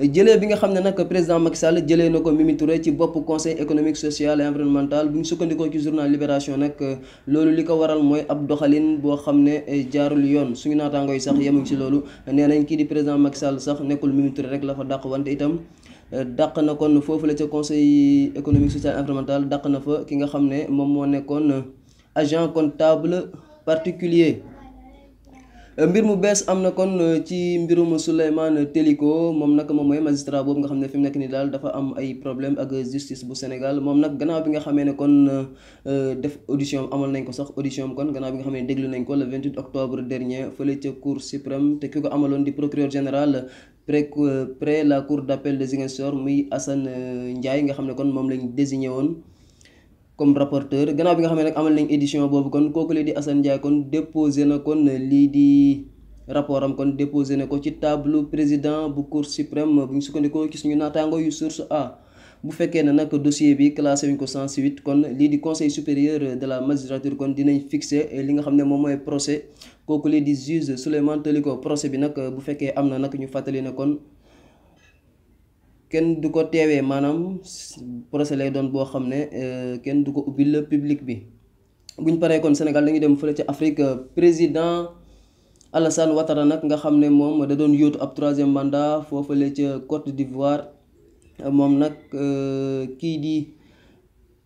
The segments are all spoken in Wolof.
jëlee bi nga xam ne nag président Macky Sall na ko Mimi Touré ci bopp conseil économique social et environnemental bu ñu sukkandikoo ci journal Libération nag loolu li ko waral mooy ab doxalin boo xam ne eh, jaarul yoon suñu naataangoo yi sax yemuñ ci loolu nee nañ kii di président Macky sax nekkul Mimi Touré rek la fa dàq wante itam eh, dàq na kon foofu la ca conseil économique social et environnemental dàq na fa ki nga xam ne moom moo nekkoon eh, agent comptable particulier mbir mu bees am na kon euh, ci mbirum Souleymane Téliko moom nag moom mooy magistrat boobu nga xam ne fi nekk nii daal dafa am ay problème ak justice bu Sénégal moom nag gannaaw bi nga xamee ne kon euh, def audition amal nañ ko sax audition kon gannaaw bi nga xam ne déglu nañ ko le 28 octobre dernier fële ca cour suprême te ki ko amaloon di procureur général. près euh, près la cour d'appel de Ziguinchor muy Assane Ndiaye nga xam ne kon moom lañ désigné woon comme rapporteur gannaaw bi nga xam ne nag amal nañ édition boobu kon kooku la di Assane Ndiaye kon déposé na kon lii di rapport kon déposé na ko ci tableau président bu cour suprême bu ci suñu naataango yu source A bu fekkee ne nag dossier bi classé wuñ ko sans suite kon lii di conseil supérieur de la magistrature kon dinañ fixé li nga xam ne moom mooy procès kooku la di juge Souleymane Teliko procès bi nag bu fekkee am na nag ñu fàttali ne kon. kenn du ko teewee maanaam procès lay doon boo xam ne euh, kenn du ko ubbi la public bi buñ paree kon Sénégal dañuy dem fële ci Afrique euh, président Alassane Ouattara nag nga xam ne moom da doon yóotu ab troisième mandat foofale ca Côte d'Ivoire moom nag euh, kii di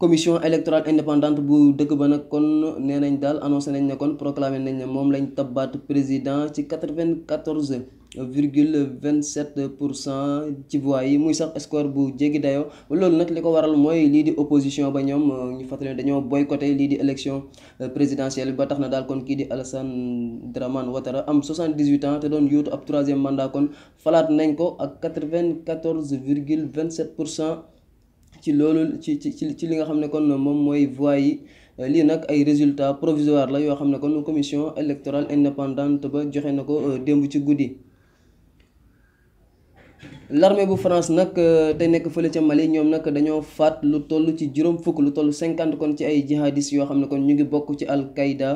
commission électorale indépendante bu dëkk ba nag kon nee nañ daal annoncé nañ ne kon proclamé nañ ne moom lañ tabbaat président ci quatre-vingt-quatorze virgule vingt-sept pour cent ci voix yi muy sax score bu jéggi dayoo loolu nag li ko waral mooy lii di opposition ba ñoom euh, ñu fàttali ne dañoo boycotté lii di élection euh, présidentielle ba tax na daal kon kii di Alassane man Ouattara am soixante-dix-huit ans te doon yóotu ab troisième mandat kon falaat nañ ko ak quatre-vingt-quatorze virgule vingt-sept pour cent ci loolu ci ci ci li nga xam ne kon moom mooy voix yi euh, lii nag ay résultat provisoires la yoo xam ne kon commission électorale indépendante ba joxe na ko démb ci guddi larme bu France nag euh, te nekk fële ca Mali ñoom nag dañoo faat lu toll ci juróom fukk lu toll cinquante kon ci ay jihadistes yoo xam ne kon ñu ngi bokk ci al-Qaïda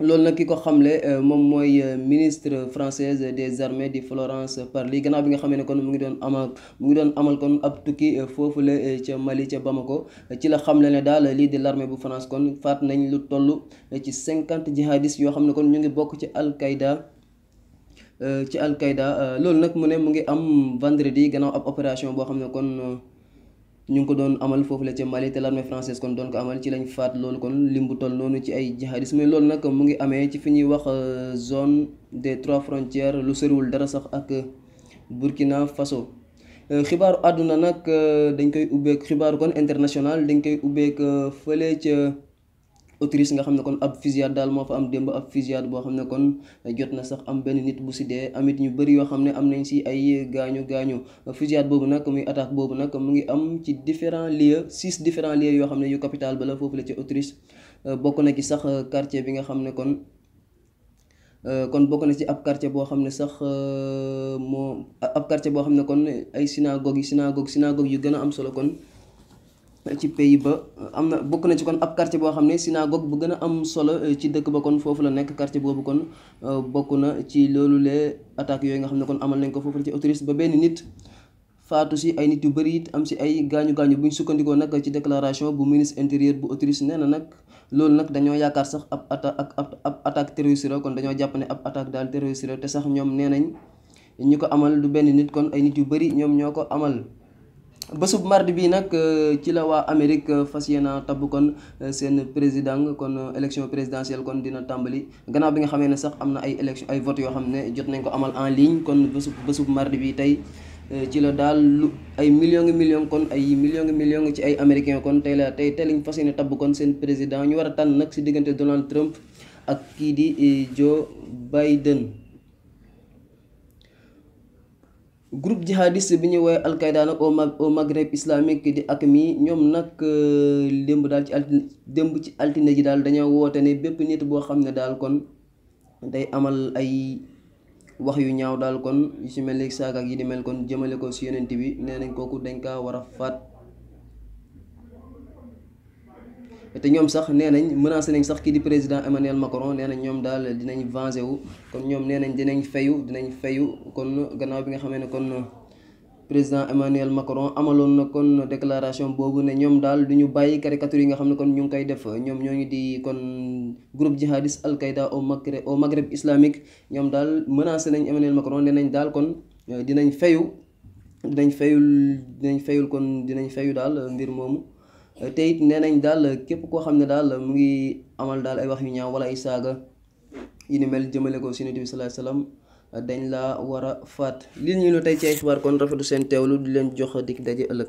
loolu nag ki ko xamle euh, moom mooy euh, ministre française des armées di Florence Parly gannaaw bi nga xamee kon mu ngi doon amal mu ngi doon amal kon tukki foofu la ca Mali ca Bamako ci la xamle ne daal lii di l'armée bu France kon faat nañ lu toll ci cinquante jihadistes yoo xam ne kon ñu ngi bokk ci al-Qaïda Euh, ci Al-Qaïda euh, loolu nag mu ne mu ngi am vendredi gannaaw ab opération boo xam ne kon euh, ñu ngi ko doon amal foofu la ca Mali te l'armée française kon doon ko amal ci lañ faat loolu kon lim bu toll noonu ci ay jihadistes mais loolu nag mu ngi amee ci fi ñuy wax zone des trois frontières lu soriwul dara sax ak Burkina Faso. xibaaru àdduna nag dañ koy ubbeek xibaaru kon international dañ koy ubbeek fële ca. autrice nga xam ne kon ab fusillade daal moo fa am démb ab fusillade boo xam ne kon jot na sax am benn nit bu si dee amit ñu bëri yoo xam ne am nañ si ay gaañu gaañu fusillade boobu nag muy attaque boobu nag mu ngi am ci différent lieux six différents lieux yoo xam ne yu capitale ba la foofu la ci autriche euh, bokk na ci sax euh, quartier bi nga xam ne kon euh, kon bokk na ci ab quartier boo xam ne sax moo ab quartier boo xam ne kon ay synagogue yi synagogue synagogue yu gën a am solo kon ci pays ba am na bokk na ci kon ab quartier boo xam ne synagogue bu gën a am solo eh, ci dëkk ba kon foofu la nekk quartier boobu kon eh, bokk na ci loolu les attaques yooyu nga xam ne kon amal nañ ko foofu la ci autoriste ba benn nit faatu si ay nit yu bëri it am si ay gaañu gaañu bu ñu sukkandikoo nag ci declaration bu ministre intérieur bu autoriste nee na nag loolu nag dañoo yaakaar sax ab attaque ab attaque terroriste kon dañoo jàpp ne ab attaque daal terroriste la te sax ñoom nee nañ ñu ko amal du benn nit kon ay nit yu bëri ñoom ñoo ko amal. bésub mardi bi nag euh, ci la waa Amérique euh, fas yéena tabb kon euh, seen président kon élection présidentielle kon dina tàmbali gannaaw bi nga xamee ne sax am na ay élection ay vote yoo xam ne jot nañ ko amal en ligne kon bésub bésub mardi bi tey ci la daal lu ay million ngi million kon ay million ngi ci ay américain kon tey la tey tey lañ fas yéene tabb kon seen président ñu war tànn nag si diggante Donald Trump ak kii di Joe Biden groupe jihadiste bi ñuy woowee alqaida nag au au maghreb islamique di ak mii ñoom nag euh, démb daal ci altine démb ci altine ji daal dañoo woote ne bépp nit boo xam ne daal kon day amal ay wax yu ñaaw daal kon yu si mel ni saak ak yi di mel kon jëmale ko si yeneent bi nee nañ kooku dañ kaa war a faat te ñoom sax nee nañ menacé nañ sax kii di président Emmanuel Macron nee nañ ñoom daal dinañ vengé wu kon ñoom nee nañ dinañ fayu dinañ fayu kon gannaaw bi nga xamee ne kon président Emmanuel Macron amaloon na kon déclaration boobu ne ñoom daal du ñu bàyyi caricature yi nga xam ne kon ñu ngi koy def ñoom ñoo ngi di kon groupe jihadiste al au Maghreb au Maghreb islamique ñoom daal menacé nañ Emmanuel Macron nee nañ daal kon dinañ fayu dinañ fayul dinañ fayul kon dinañ fayu daal mbir moomu tey it nee nañ daal képp koo xam ne daal mu ngi amal daal ay wax yu ñaaw wala ay saaga yu ni mel jëmale ko si Yonent bi sallallahu alayhi wasallam dañ laa war a faat li ñu ne tey ci ay xibaar kon rafetu seen teewlu di leen jox dikk daje ëllëg.